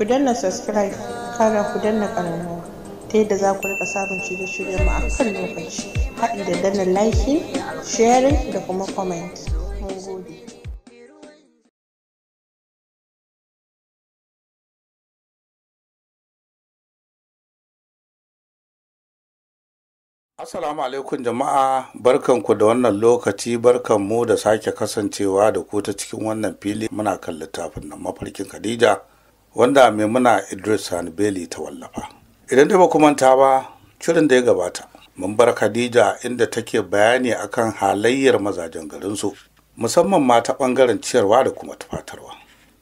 ku danna subscribe kara ku danna ƙararrawa ta yadda za ku rika samun shirye shiryen mu a kan lokaci haɗi da danna like sharing da kuma comment mun gode Assalamu alaikum jama'a barkanku da wannan lokaci barkanmu da sake kasancewa da ku ta cikin wannan fili muna kan littafin nan mafarkin Khadija wanda muna idris hanbeli ta wallafa idan dai ba ku manta ba shirin da ya gabata mun bar khadija inda take bayani akan halayyar mazajen garin su. musamman ma ta ɓangaren ciyarwa da kuma tufatarwa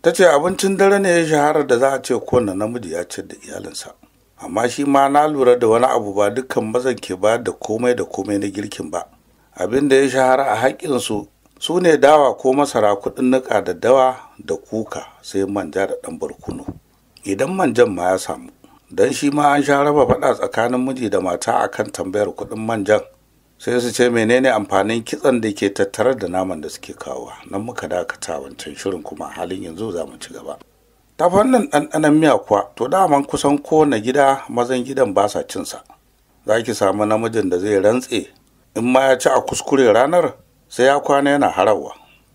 ta ce abincin dare ne ya shahara da za a ce kowane namiji ya ciyar da iyalinsa amma shi ma na lura da wani abu ba dukkan mazan ke ba da komai da komai na girkin ba abin da ya shahara a haƙƙinsu su ne dawa ko masara kuɗin nika da dawa da kuka sai manja da ɗan barkuno idan manjan ma ya samu don shi ma an sha raba faɗa tsakanin miji da mata akan tambayar kuɗin manjan sai su ce menene amfanin kitsan da ke tattare da naman da suke kawowa nan muka dakata wancan shirin kuma halin yanzu za mu ci gaba ta fannin ɗanɗanon miya kuwa to daman kusan kowane gida mazan gidan ba sa cinsa za ki samu namijin da zai rantse in ma ya ci a kuskure ranar sai ya kwana yana harawa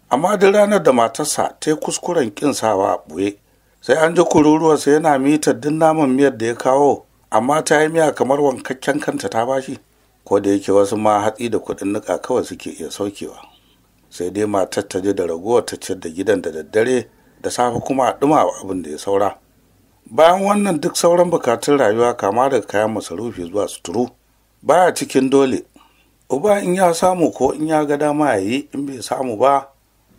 amma duk ranar da matarsa ta yi kuskuren kin sawa a ɓoye sai an ji sai yana mitar duk naman miyar da ya kawo amma ta yi miya kamar wankakken kanta ta bashi ko da yake wasu ma hatsi da kuɗin nika kawai suke iya saukewa sai dai matar ta ji da raguwa ta ciyar da gidan da daddare da safe kuma a ɗumawa abin da ya saura bayan wannan duk sauran bukatun rayuwa kama daga kayan masarufi zuwa suturu baya cikin dole uba in ya samu ko in ya ga dama ya yi in bai samu ba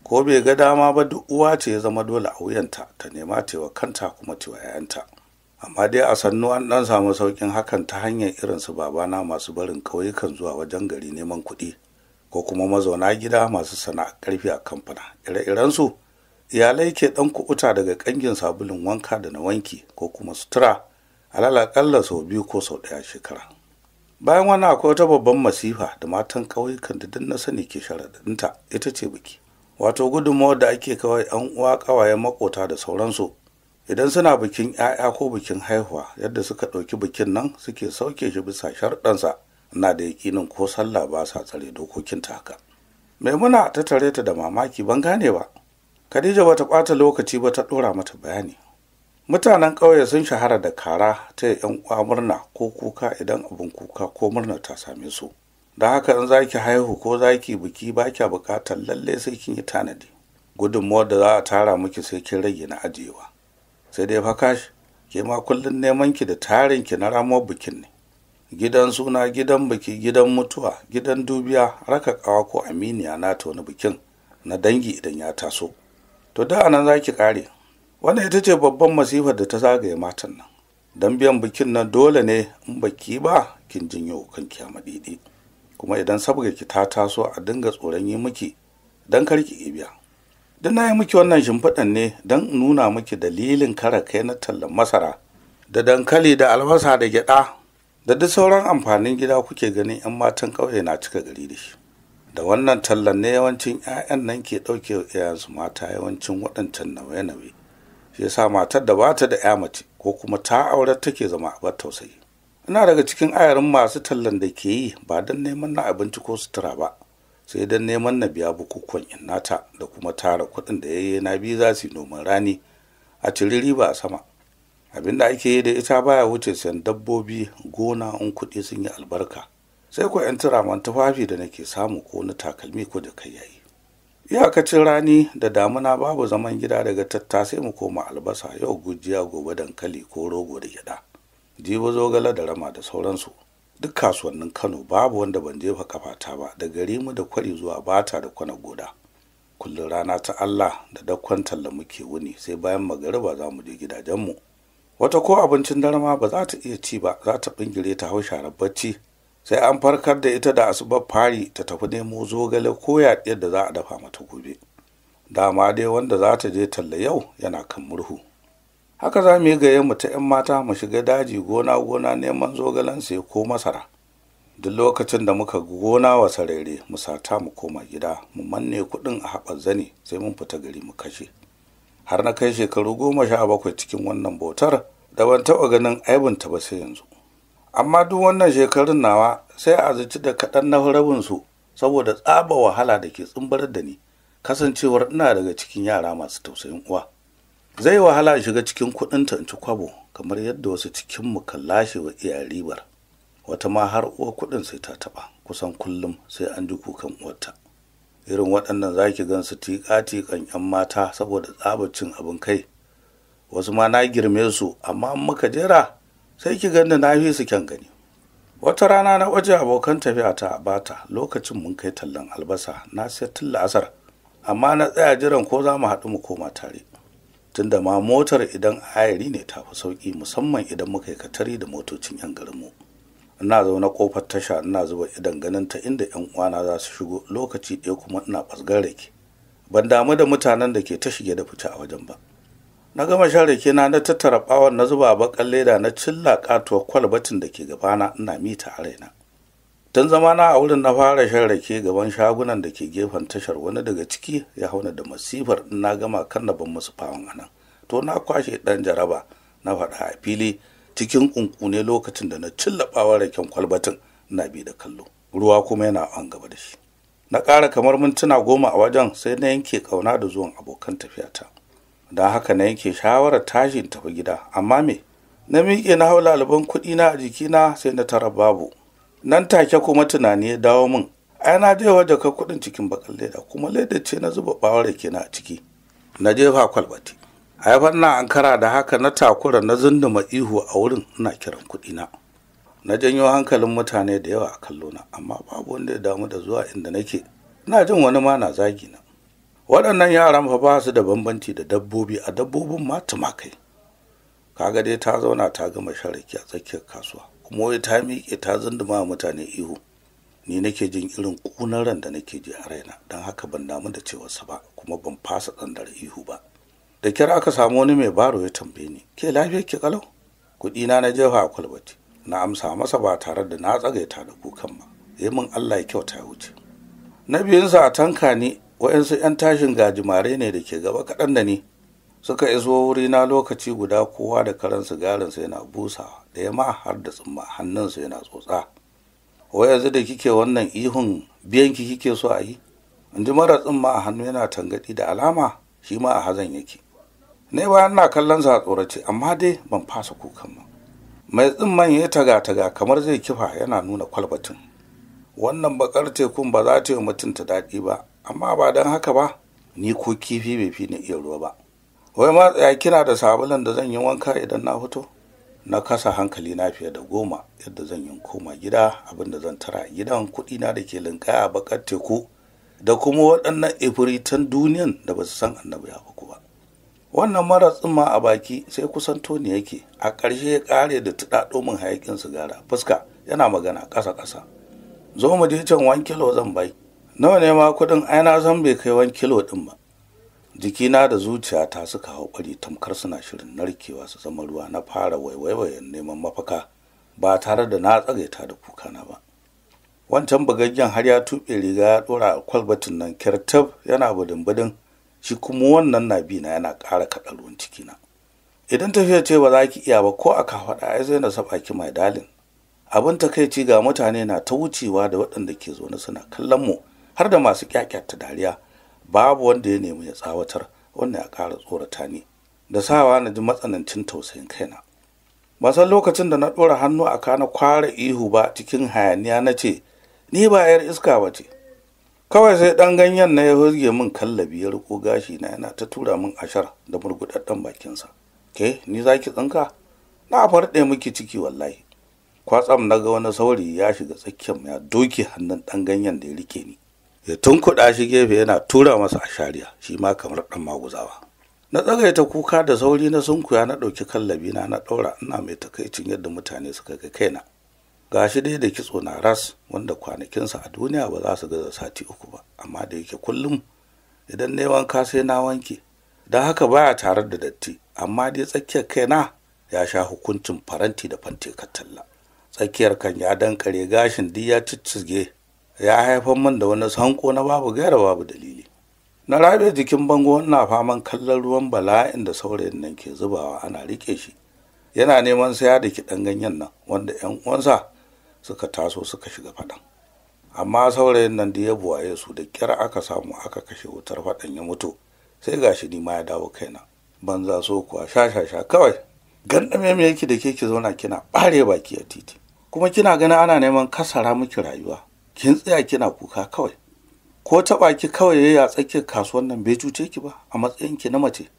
ko bai ga dama ba duk uwa ce ya zama dole a wuyanta ta nema tewa kanta kuma tewa 'ya'yanta amma dai a sannu an dan samu saukin hakan ta hanyar irin su babana masu barin kauyukan zuwa wajen gari neman kuɗi ko kuma mazauna gida masu sana'a karfi a kamfana ire-irensu iyalai ke ɗan kuɓuta daga ƙangin sabulun wanka da na wanki ko kuma sutura alal aƙalla sau biyu ko sau ɗaya shekara bayan wani akwai wata babban masifa da matan ƙauyukan da na sani ke sharaɗinta ita ce biki wato gudunmawar da ake kawai yan uwa ƙawayen makota da sauransu idan suna bikin 'ya'ya ko bikin haihuwa yadda suka ɗauki bikin nan suke sauke shi bisa sharɗansa na da yaƙinin ko sallah ba sa tsare dokokin ta haka maimuna ta tare ta da mamaki ban gane ba khadija bata ɓata lokaci ba ta ɗora mata bayani mutanen ƙauye sun shahara da kara ta yan uwa murna ko kuka idan abin kuka ko murna ta same su da haka in za ki haihu ko za ki biki ba kya bukatar lalle sai kin yi tanadi gudunmuwar da za a tara miki sai kin rage na ajiyewa sai dai fakash ke ma kullum neman ki da tarin ki na ramuwar bikin ne gidan suna gidan biki gidan mutuwa gidan dubiya raka kawa ko aminiya na ta wani bikin na dangi idan ya taso to da anan za ki kare wannan ita ce babban masifar da ta zagaye matan nan don biyan bikin nan dole ne in baki ba kin jinyo kan kiyama daidai kuma idan sabga ki ta taso a dinga tsoron yi miki don kar ki biya don na yi miki wannan shimfiɗan ne don in nuna miki dalilin kara kai na tallan masara da dankali da albasa da gyaɗa da duk sauran amfanin gida kuke ganin 'yan matan ƙauye na cika gari da shi da wannan tallan ne yawancin 'ya'yan nan ke ɗauke 'ya'yansu mata yawancin waɗancan nawaye-nawaye shi yasa matar da bata da ya mace ko kuma ta aure take zama bar tausayi ina daga cikin ayarin masu tallan da ke yi ba don neman na abinci ko sutura ba sai don neman na biya bukukuwan innata da kuma tara kuɗin da yayye na biyu za su yi noman rani a ciri riba a sama abin da ake yi da ita baya wuce sayan dabbobi gona in kuɗi sun yi albarka sai ko 'yan turaman tufafi da nake samu ko na takalmi ko da kai yayi iyakacin rani da damuna babu zaman gida daga tattasai mu koma albasa yau gujiya gobe dankali ko rogo da gyada jibo zogale da rama da sauransu duk kasuwannin kano babu wanda ban jefa kafata ba da gari mu da kwari zuwa bata da kwana goda kullum rana ta allah da dakkon talla muke wuni sai bayan magariba za mu je gidajenmu wata ko abincin darama ba za ta iya ci ba za ta bingire ta hau sharar bacci sai an farkar da ita da asubar fari ta tafi nemo zogale ko yaɗiyar da za a dafa mata gobe dama dai wanda za ta je talla yau yana kan murhu haka za mu yi gaya mu ta 'yan mata mu shiga daji gona gona neman zogalen sai ko masara duk lokacin da muka gona wa sarere mu sata mu koma gida mu manne kuɗin a haɓar zane sai mun fita gari mu kashe har na kai shekaru goma sha bakwai cikin wannan botar da ban taɓa ganin aibinta ba sai yanzu amma duk wannan shekarun nawa sai a zaci da kaɗan na rabinsu saboda tsaba wahala da ke tsumbarar da ni kasancewar ina daga cikin yara masu tausayin uwa zai wahala shiga cikin ta in ci kwabo kamar yadda wasu cikinmu kan lashe wa iya ribar wata ma har uwa kuɗin sai ta taɓa kusan kullum sai an ji kukan uwarta irin waɗannan za ki gan su tiƙa-tiƙan 'yan mata saboda cin abin kai wasu ma na girme su amma muka jera sai ki ganda na fi su kyan gani wata rana na waje abokan tafiya ta bata lokacin mun kai tallan albasa na sai tun la'asar amma na tsaya jiran ko za mu haɗu mu koma tare tunda ma motar idan ayari ne ta fi sauƙi musamman idan muka yi katari da motocin 'yan garinmu ina zaune kofar tasha ina zuba idan ganin ta inda 'yan uwana za su shigo lokaci ɗaya kuma ina ɓasgar rake ban damu da mutanen da ke ta shige da fice a wajen ba na gama shan rake na na tattara bawon na zuba bakan leda na cilla katuwar kwalbatin da ke gabana ina mita a raina tun zama na a wurin na fara shan rake gaban shagunan da ke gefen tashar wani daga ciki ya hauna da masifar in na gama kan na ban musu fawon anan to na kwashe dan jaraba na faɗa a fili cikin kunkune lokacin da na cilla bawon raken kwalbatin na bi da kallo ruwa kuma yana an gaba da shi na ƙara kamar mintuna goma a wajen sai na yanke ƙauna da zuwan abokan tafiyata don haka na yanke shawarar tashin in tafi gida amma me na miƙe na hau alban kuɗi na a jikina sai na tara babu nan take kuma tunani ya dawo min ai na je waje ka kuɗin cikin bakan leda kuma leda ce na zuba ɓawar ke na a ciki na jefa kwalbati ai na kara da haka na takura na zunduma ihu a wurin ina kiran kuɗi na na janyo hankalin mutane da yawa a kallona amma babu wanda ya damu da zuwa inda nake ina jin wani ma na zagi na waɗannan yaran fa ba su da bambanci da dabbobi a dabbobin ma tumakai kaga dai ta zauna ta gama sharaki a tsakiyar kasuwa kuma wai ta miƙe ta zunduma mutane ihu ni nake jin irin ƙunar ran da nake ji a raina don haka ban damu da cewarsa ba kuma ban fasa tsandar ihu ba da kira aka samu wani mai baro ya tambaye ni ke lafiyar ki kalau kuɗi na na jefa a kwalbati na amsa masa ba tare da na tsagaita da kukan ba yi min allah ya kyauta ya wuce na biyunsa a tanka ni waɗansu 'yan tashin gajimare ne da ke gaba kaɗan da ni suka iso wurina lokaci guda kowa da karen sigarinsa yana busawa da ya ma har da tsumma hannunsa yana tsotsa wai yanzu da kike wannan ihun biyanki kike so a yi in ji mara tsumma a hannu yana tangaɗi da alama shi ma a hazan yake ne bayan na kallon sa a tsorace amma dai ban fasa kukan ba mai tsimman ya taga taga kamar zai kifa yana nuna kwalbatin wannan bakar tekun ba za ta yi mutum ta daɗi ba amma ba don haka ba ni ko kifi bai fi ni iya ruwa ba wai ma tsaya kina da sabulun da zan yi wanka idan na fito na kasa hankali na fiye da goma yadda zan yi koma gida abinda zan tara gidan kuɗi na da ke linkaya bakar teku da kuma waɗannan ifiritan duniyan da ba su san annabi ya ku ba wannan mara tsumma a baki sai kusan toni yake a ƙarshe ya ƙare da tuɗa min hayakin sigara fuska yana magana ƙasa ƙasa zo mu je can wanke zan bai nawa ne ma kuɗin ai na zan bai kai wani kilo din ba jikina da zuciyata suka hau ɓari tamkar suna shirin narkewa su zama ruwa na fara waiwaiwayen neman mafaka ba tare da na tsagaita da kukana ba wancan bugaggen har ya tuɓe riga ya ɗora a kwalbatin nan kyartab yana budin-budin shi kuma wannan na bi na yana ƙara kaɗa ruwan na. idan tafiya ce ba za ki iya ba ko a kafaɗa ai sai na saba ki mai dalin abin takaici ga mutane na ta wucewa da waɗanda ke zaune suna kallon mu har da masu kyakyata dariya babu wanda ya nemi ya tsawatar wannan ya ƙara tsorata ne da sawa na ji matsanancin tausayin kaina ban san lokacin da na ɗora hannu a kana kwara ihu ba cikin hayaniya na ce ni ba yar iska ba ce kawai sai ɗan ganyen na ya hurge min kallabi ya riko gashi na yana ta tura min ashar da murguɗaɗɗen bakinsa ke ni za ki tsinka na farɗe miki ciki wallahi kwatsam na ga wani sauri ya shiga tsakiyar ya doke hannun ɗan ganyen da ya rike ni ya tunkuɗa shi gefe yana tura masa a shariya shi ma kamar ɗan maguzawa na tsagaita kuka da sauri na sunkuya na ɗauki kallabi na na ɗaura ina mai takaicin yadda mutane suka ga kaina Ga shi dai da kitso na ras wanda kwanakinsa a duniya ba za su gaza sati uku ba amma da yake kullum idan na wanka sai na wanke don haka baya tare da datti amma dai tsakiyar kaina ya sha hukuncin faranti da fante talla tsakiyar kan ya dankare gashin duk ya ciccige ya haifar min da wani sanko na babu gaira babu dalili na rabe jikin bango na faman kallon ruwan bala'in da saurayin nan ke zubawa ana rike shi yana neman saya da kiɗan ganyen nan wanda 'yan uwansa suka taso suka shiga faɗan amma saurayin nan da ya buwaye su da kyar aka samu aka kashe wutar faɗan ya mutu sai gashi ni ma ya dawo kaina Ban za so kuwa sha-sha-sha kawai gandame me yake da ke ki zauna kina ɓare baki a titi kuma kina ganin ana neman kasara miki rayuwa kin tsaya kina kuka kawai ko taba ki kawai ya yi a tsakiyar kasuwan nan bai cuce ki ba a matsayin ki na mace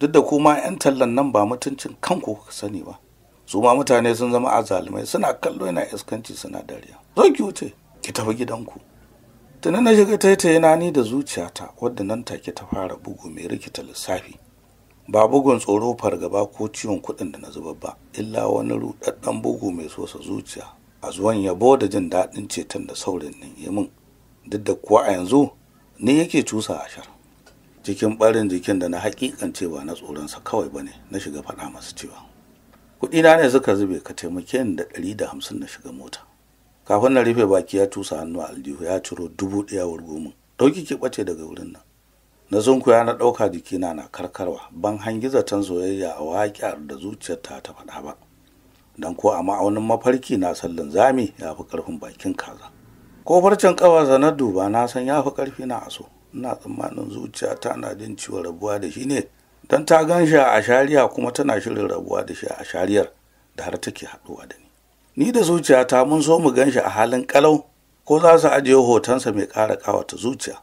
duk da kuma 'yan tallan nan ba mutuncin kanku kuka sani ba su ma mutane sun zama azalumai suna kallo yana iskanci suna dariya zo ki wuce ki tafi gidanku tuni na shiga taita yana ni da zuciyata wadda nan take ta fara bugu mai rikita lissafi ba bugun tsoro fargaba ko ciwon kuɗin da na zuba ba illa wani ruɗaɗɗen bugu mai sosa zuciya a zuwan yabo da jin daɗin ceton da saurin nan ya min duk da kuwa a yanzu ni yake cusa ashar cikin ɓarin jikin da na haƙiƙan cewa na tsoronsa kawai ba ne, na shiga faɗa masu cewa kuɗi na ne suka zube ka taimake ni da ɗari da hamsin na shiga mota kafin na rufe baki ya cusa hannu a aljihu ya ciro dubu ɗaya wurgo min ɗauki ki ɓace daga wurin nan na zunkuya na ɗauka jikina na karkarwa ban hangiza zaton soyayya a waƙar da zuciyarta ta faɗa ba don ko a ma'aunin mafarki na sallin zami ya fi ƙarfin bakin kaza ko farcen ƙawarsa na duba na san ya fi ƙarfi na aso ina tsammanin zuciya ta na jin ciwon rabuwa da shi ne don ta gan shi a shariya kuma tana shirin rabuwa da shi a shariyar da har take haɗuwa da ni ni da zuciya ta mun so mu gan shi a halin kalau ko za su ajiye hotonsa mai ƙara ƙawata zuciya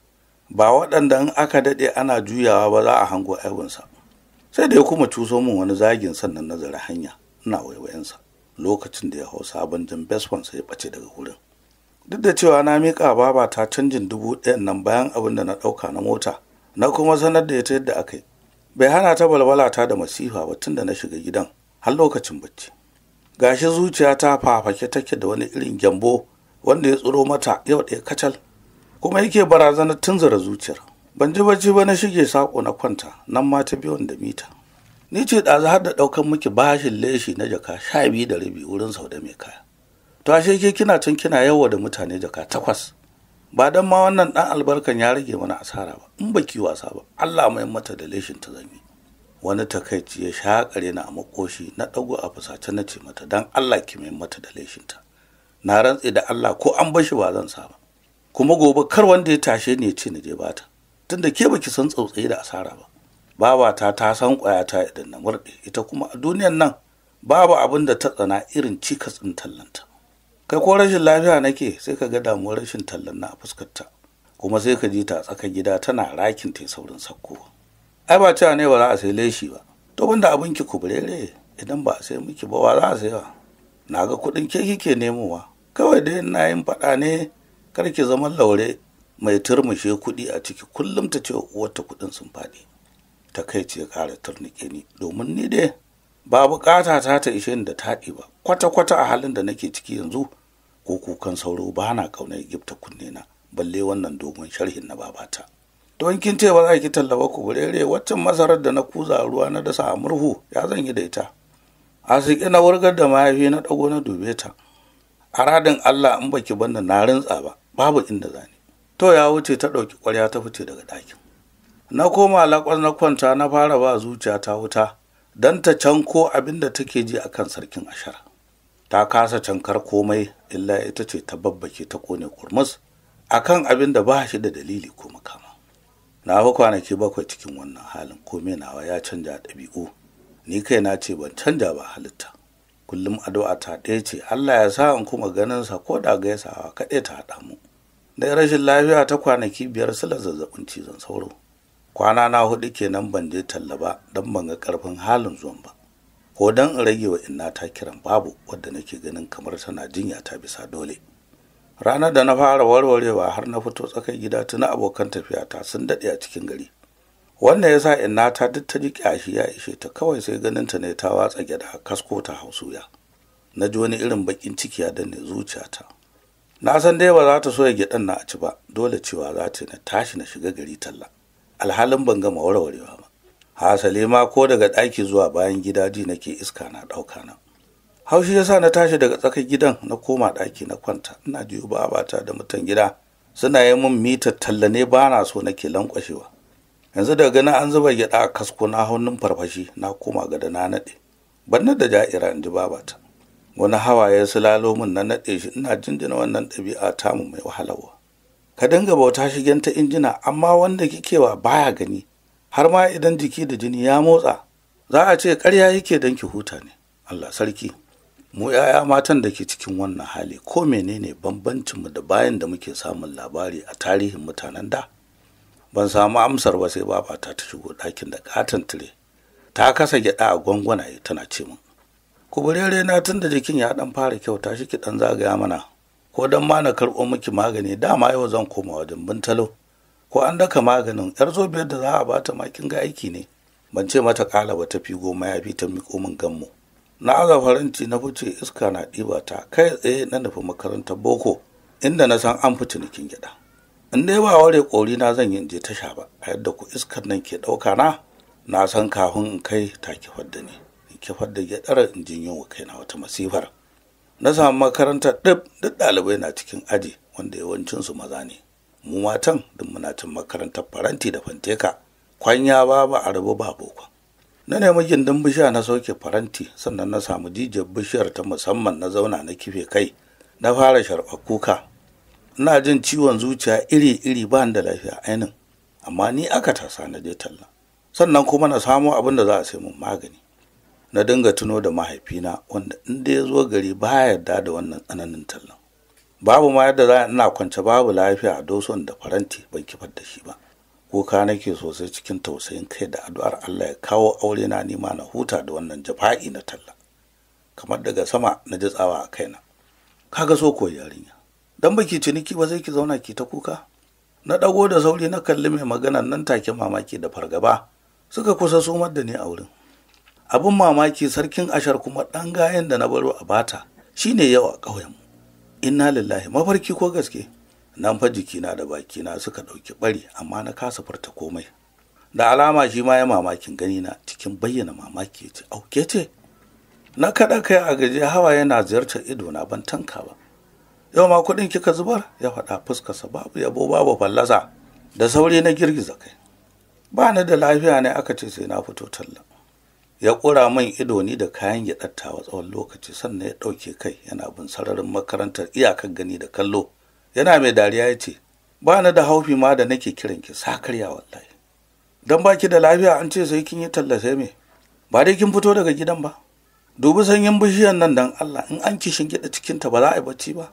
ba waɗanda in aka daɗe ana juyawa ba za a hango aibinsa sai da ya kuma cuso min wani zagin sannan nazarin hanya ina waiwayansa lokacin da ya hau sabon jan sa ya ɓace daga wurin duk da cewa na miƙa baba ta canjin dubu ɗayan nan bayan abin da na ɗauka na mota na kuma sanar da ita yadda aka yi bai hana ta balbala ta da masifa ba tun da na shiga gidan har lokacin bacci gashi zuciya ta fafake take da wani irin gyambo wanda ya tsiro mata yau ɗaya kacal kuma yake barazanar tunzura zuciyar ban ji bacci ba na shige saƙo na kwanta nan ma ta biyon da mita ni ce ɗazu har da ɗaukar miki bashin leshi na jaka sha biyu da rabi wurin sau da mai kaya to ashe ke kina can kina yawa da mutane jaka takwas ba don ma wannan dan albarkan ya rage mana asara ba in ba ki wasa ba allah mai mata da leshin ta zanyi wani takaici ya sha kare na a makoshi na ɗago a fusace na ce mata don allah ki mai mata da leshin ta na rantse da allah ko an bashi ba zan sa ba kuma gobe kar wanda ya tashe ni ya ce ni je bata tunda ke baki san tsautsayi da asara ba babata ta san ƙwayata idan na murɗe ita kuma a duniyan nan babu abin da ta tsana irin cikas ɗin tallanta kai ko rashin lafiya nake sai ka ga damuwar rashin tallan na a fuskarta kuma sai ka ji ta tsaka gida tana rakin ta saurin sauko. ai ba cewa ne ba za a sai leshi ba to wanda abin ki kubrere idan ba a sai miki ba wa za a sai ba na ga kuɗin ke kike nemowa kawai dai na yin faɗa ne kar ki zama laure mai turmushe kuɗi a ciki kullum ta ce uwarta kuɗin sun faɗi Ta kai ya ƙara turnike ni domin ni dai ba bukata ta ta ishe ni da taɗi ba kwata-kwata a halin da nake ciki yanzu ko kukan sauro ba na kaunar gifta na, balle wannan dogon sharhin na babata don kin ce ba za ki tallaba ku burere waccan masarar da na kuza ruwa na dasa a murhu ya zan yi da ita a siƙi na wurgar da mahaifi na ɗago na dube ta a radin allah in baki banda na rintsa ba babu inda zani to ya wuce ta ɗauki ƙwarya ta fice daga ɗakin na koma lakwas na kwanta na fara ba zuciya ta wuta don ta can ko abin da take ji a kan sarkin ashara ta kasa cankar komai illa ita ce ta babbake ta kone kurmus kan abin da ba shi da dalili ko makama na fi kwanaki bakwai cikin wannan halin komai nawa ya canja ɗabi'u ni kai na ce ban canja ba halitta kullum addu'a ta ɗaya ce Allah ya sa in kuma ganin sa ko da gaisawa kaɗai ta haɗa mu da rashin lafiya ta kwanaki biyar sila zazzabin cizon sauro kwana na hudu kenan ban je talla ba don ban ga karfin halin zuwan ba ko don in rage wa inna ta kiran babu wadda nake ganin kamar tana jinya ta bisa dole ranar da na fara warwarewa har na fito tsakar gida tuna abokan tafiya ta sun daɗe a cikin gari wannan ya sa inna ta duk ta ji kyashi ya ishe ta kawai sai ganin ta ne ta watsa gyada kasko ta hausuya na ji wani irin bakin ciki ya danne zuciyata na san dai ba za ta so ya gidan na a ci ba dole cewa za ta na tashi na shiga gari talla alhalin ban gama warwarewa ba hasali ma ko daga ɗaki zuwa bayan gida ji nake iska na ɗauka na haushi yasa na tashi daga tsakar gidan na koma ɗaki na kwanta ina jiyo bata da mutan gida suna yi min mitar talla ne ba na so nake lankwashewa yanzu daga ganin an zuba gyaɗa a kasko na hannun farfashi na koma gada na naɗe ban da ja'ira in ji babata wani hawaye su lalo na naɗe shi ina jinjina wannan ɗabi'a tamu mai wahalawa ka dinga bauta shigen ta injina amma wanda kikewa baya gani har ma idan jiki da jini ya motsa za a ce karya yake don ki huta ne allah sarki mu yaya matan da ke cikin wannan hali ko menene bambancinmu da bayan da muke samun labari a tarihin mutanen da ban samu amsar ba sai babata ta shigo ɗakin da katon tire ta kasa gyaɗa a gwangwanaye tana ce min kuburere na tun da jikin ya ɗan fara kyauta shi ki ɗan zagaya mana ko don ma na karɓo miki magani dama yau zan koma wajen bintalo ko an daka maganin yar zobiyar da za a bata ma kin ga aiki ne ban ce mata kala ba ta fi goma ya fi ta miƙo min ganmu na aza faranti na fice iska na ɗiba ta kai tsaye na nufi makarantar boko inda na san an fi cinikin gyaɗa in dai ba ware ƙori na zan yi je tasha ba a yadda ku iskar nan ke ɗauka na na san kafin in kai ta kifar da ni in kifar da gyaɗar in jin wa kaina wata masifar na samu makaranta ɗib duk ɗalibai na cikin aji wanda yawancinsu maza ne mu matan duk muna cin makarantar faranti da fanteka kwanya ba ba a rubu ba boko na nemi gindin bishiya na sauke faranti sannan na samu jijiyar bishiyar ta musamman na zauna na kife kai na fara sharɓar kuka ina jin ciwon zuciya iri-iri ba da lafiya ainin amma ni aka tasa na je talla sannan kuma na samo abin da za a sai mun magani na dinga tuno da mahaifina wanda inda ya zo gari ba ya yarda da wannan tsananin tallan babu ma yadda za ina kwance babu lafiya a doson da faranti ban kifar da shi ba kuka nake sosai cikin tausayin kai da addu'ar Allah ya kawo aure na nima na huta da wannan jafa'i na talla kamar daga sama na ji tsawa a kaina kaga so ko yarinya dan baki ciniki ba zai ki zauna ki ta kuka na dago da sauri na kalli mai maganan nan take mamaki da fargaba suka kusa somar da ni a wurin abin mamaki sarkin ashar kuma ɗan gayen da na baro a bata shine yau a ƙauyenmu inna lillahi mafarki ko gaske nan fa jikina da bakina suka ɗauki ɓari amma na kasa furta komai da alama shi ma ya mamakin gani na cikin bayyana mamaki ya ce auke ce na kaɗa kai a gaje hawa yana ziyartar idona ban tanka ba yau ma kuɗin kika zubar ya faɗa fuskarsa babu yabo babu fallasa da sauri na girgiza kai ba ni da lafiya ne aka ce sai na fito talla ya ƙura min ido ni da kayan ya tawa tsawon lokaci sannan ya ɗauke kai yana bin sararin makarantar iyakar gani da kallo yana mai dariya ya ce ba na da haufi ma da nake kiran ki sa sakarya wallahi dan baki da lafiya an ce sai kin yi tallace me ba dai kin fito daga gidan ba dubi sanyin bishiyar nan dan Allah in an kishin gida cikin ta ba za a yi bacci ba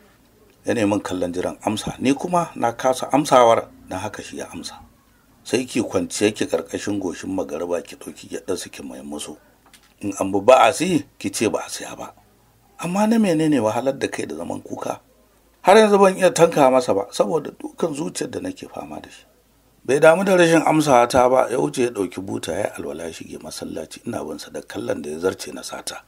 ya neman kallon jiran amsa ni kuma na kasa amsawar dan haka shi ya amsa sai ki kwanciya ki karkashin goshin magaraba ki ɗauki gyaɗa su ki mai musu in an bi ba a si ki ce ba a siya ba amma na menene wahalar da kai da zaman kuka har yanzu ban iya tanka masa ba saboda dukan zuciyar da nake fama da shi bai damu da rashin amsa ta ba ya wuce ya ɗauki buta ya alwala shige masallaci ina bin sa da kallon da ya zarce na sata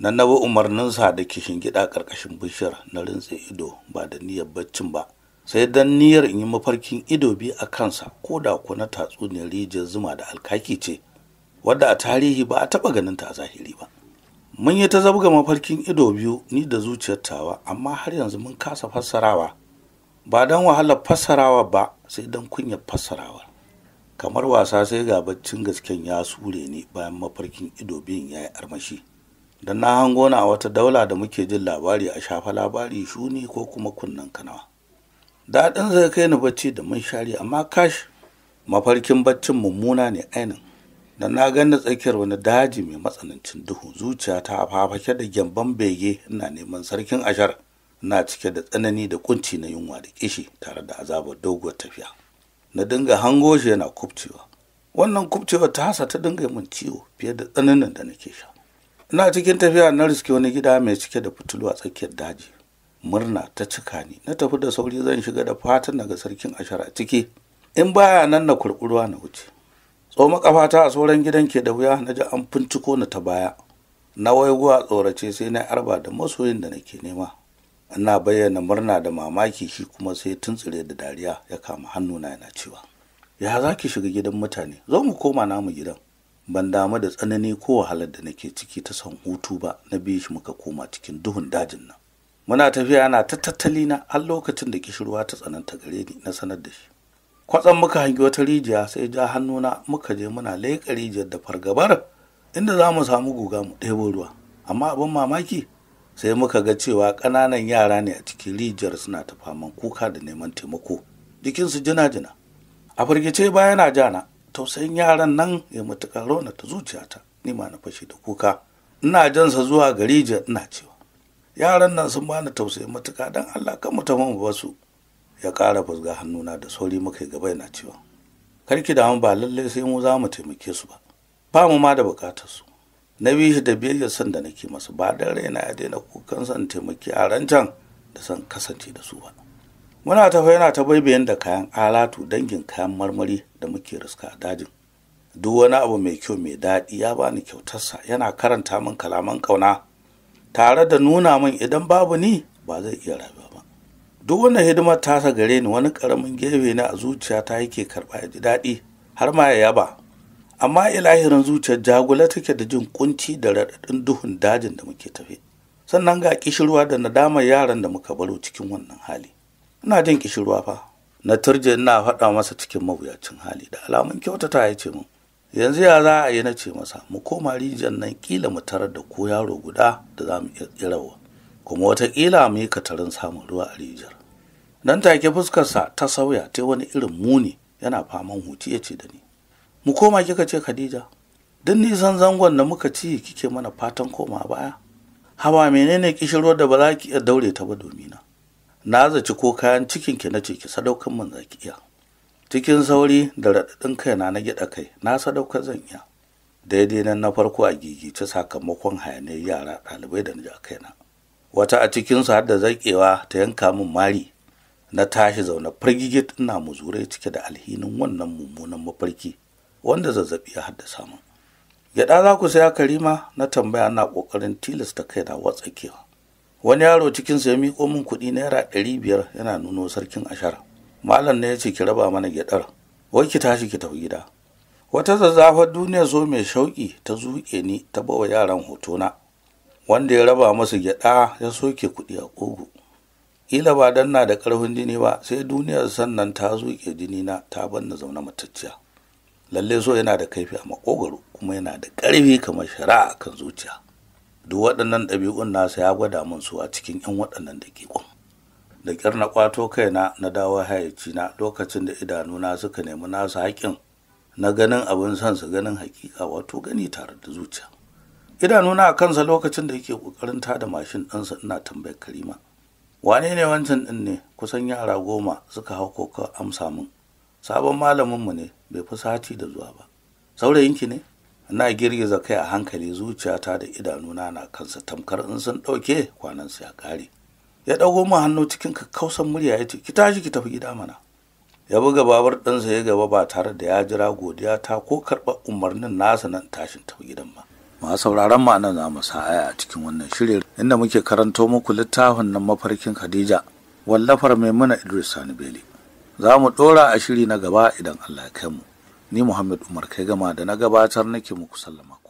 nan na bi sa da kishin gida ƙarƙashin bishiyar na rintse ido ba da niyyar baccin ba sai dan niyyar in yi mafarkin ido biyu a kansa ko da ku na tatsuniyar rijiyar zuma da alkaki ce wadda a tarihi ba a taɓa ganin ta a zahiri ba mun yi ta zabga mafarkin ido biyu ni da zuciyar tawa amma har yanzu mun kasa fassarawa ba don wahalar fassarawa ba sai don kunya fassarawa kamar wasa sai ga baccin gasken ya sure ni bayan mafarkin ido biyun ya yi armashi don na hango na wata daula da muke jin labari a shafa labari shuni ko kuma kunnen kanawa daɗin zai kai ni bacci da mun shari amma kash mafarkin baccin mummuna ne ainin da na gani tsakiyar wani daji mai matsanancin duhu zuciya ta fafake da gyamban bege ina neman sarkin ashar na cike da tsanani da kunci na yunwa da kishi tare da azabar doguwar tafiya na dinga hango shi yana kubcewa wannan kubcewa ta hasa ta dinga min ciwo fiye da tsananin da nake sha ina cikin tafiya na riske wani gida mai cike da fitilu a tsakiyar daji murna ta cika ni na tafi da sauri zan shiga da fatan daga sarkin ashara ciki in baya nan na kurkurwa na wuce tsoma kafata a sauran gidan ke da wuya na ji an finciko na ta baya na waiguwa tsorace sai na arba da masoyin da nake nema ina bayyana murna da mamaki shi kuma sai tun tsire da dariya ya kama hannuna yana cewa ya za ki shiga gidan mutane zo mu koma namu gidan ban damu da tsanani ko wahalar da nake ciki ta san hutu ba na biye shi muka koma cikin duhun dajin nan muna tafiya na ta tattali na har lokacin da kishirwa ta tsananta gare ni na sanar da shi kwatsan muka hangi wata rijiya sai ja hannuna muka je muna leƙa rijiyar da fargabar inda za mu samu guga mu ɗebo ruwa amma abin mamaki sai muka ga cewa ƙananan yara ne a cikin rijiyar suna ta faman kuka da neman taimako jikinsu jina-jina a firgice baya na jana tausayin yaran nan ya matuƙar raunata zuciyata ni ma na fashe da kuka ina jansa zuwa ga rijiyar ina cewa yaran nan sun bani tausayi matuka don allah kan mu tamu ba su ya ƙara fusga hannuna da sauri muka gaba yana cewa karki da ba lallai sai mu za mu taimake su ba ba mu ma da bukatar su na bi shi da biyayyar son da nake masu ba dan raina ya daina kukan son taimaki a rancan da son kasance da su ba muna tafa yana ta baibayin da kayan alatu dangin kayan marmari da muke riska a dajin duk wani abu mai kyau mai daɗi ya bani kyautarsa yana karanta min kalaman ƙauna tare da nuna min idan babu ni ba zai iya rayuwa ba duk wannan hidimar tasa gare ni wani karamin gefe na a zuciya ta yake karɓa ya ji daɗi har ma ya yaba amma ilahirin zuciyar jagula take da jin kunci da raɗaɗin duhun dajin da muke tafe sannan ga kishirwa da nadamar yaran da muka baro cikin wannan hali ina jin kishirwa fa na turje ina faɗa masa cikin mawuyacin hali da alamun kyautata ya ce mun yanzu ya za a yi na ce masa mu koma rijiyar nan kila mu tarar da ko yaro guda da za mu irawa kuma watakila mu yi katarin samun ruwa a rijiyar nan take fuskarsa ta sauya ta wani irin muni yana faman huci ya ce da ni mu koma kika ce khadija duk nisan zangon da muka ci kike mana fatan koma baya hawa menene kishirwar da ba za ki iya daure ta ba domina na zaci ko kayan cikinki na ce ki sadaukan man za ki iya cikin sauri da raɗaɗin kaina na gyaɗa kai na sadauka zan iya daidai nan na farko a gigice sakamakon hayaniyar yara ɗalibai da na ja kaina wata a cikinsu har da zaƙewa ta yanka min mari na tashi zaune firgigit ina muzurai cike da alhinin wannan mummunan mafarki wanda zazzaɓi ya haddasa min gyaɗa za ku saya karima na tambaya na ƙoƙarin tilasta kaina watsakewa wani yaro cikinsu ya miƙo min kuɗi naira ɗari biyar yana nuno sarkin ashara malam ne ya ce ki raba mana gyaɗar wai ki tashi ki tafi gida wata zazzafar duniya zo mai shauƙi ta zuƙe ni ta bawa yaran hotona wanda ya raba masu gyaɗa ya soke kuɗi a ƙugu ƙila ba dan na da ƙarfin jini ba sai duniyar sannan ta zuke jini na ta banna zauna matacciya lalle so yana da kaifi a makogaro kuma yana da ƙarfi kamar shari'a kan zuciya duk waɗannan ɗabi'un nasa ya gwada min su a cikin 'yan waɗannan daƙiƙun da ƙyar na ƙwato kaina na dawo na lokacin da idanuna suka nemi nasu haƙƙin na ganin abin son su ganin hakika wato gani tare da zuciya idanuna a kansa lokacin da yake ƙoƙarin da mashin ɗinsa ina tambayar karima wane ne wancan ɗin ne kusan yara goma suka hau kuka amsa mun? sabon malaminmu ne bai fi sati da zuwa ba saurayinki ne ina girgiza kai a hankali zuciyata da idanuna na kansa tamkar in sun ɗauke kwanansu ya ƙare ya ɗago mu hannu cikin kakkausan murya ya ce ki tashi ki tafi gida mana ya buga babar ɗansa ya gaba ba tare da ya jira godiya ta ko karɓar umarnin nasa nan tashin tafi gidan ma masu sauraron ma nan za mu sa aya a cikin wannan shirin inda muke karanto muku littafin nan mafarkin Khadija wallafar Maimuna Idris Sani Beli za mu ɗora a shiri na gaba idan Allah ya kai mu ni Muhammad Umar kai gama da na gabatar nake muku sallama